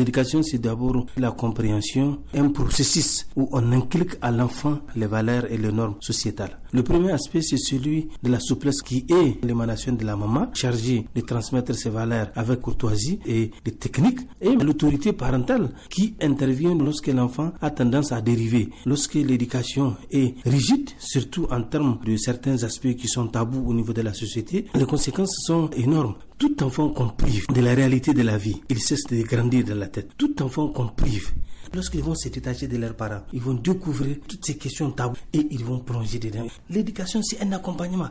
L'éducation, c'est d'abord la compréhension, un processus où on inculque à l'enfant les valeurs et les normes sociétales. Le premier aspect, c'est celui de la souplesse qui est l'émanation de la maman, chargée de transmettre ses valeurs avec courtoisie et des techniques, et l'autorité parentale qui intervient lorsque l'enfant a tendance à dériver. Lorsque l'éducation est rigide, surtout en termes de certains aspects qui sont tabous au niveau de la société, les conséquences sont énormes. Tout enfant qu'on prive de la réalité de la vie, il cesse de grandir dans la tête. Tout enfant qu'on prive, lorsqu'ils vont se détacher de leurs parents, ils vont découvrir toutes ces questions taboues et ils vont plonger dedans. L'éducation, c'est un accompagnement.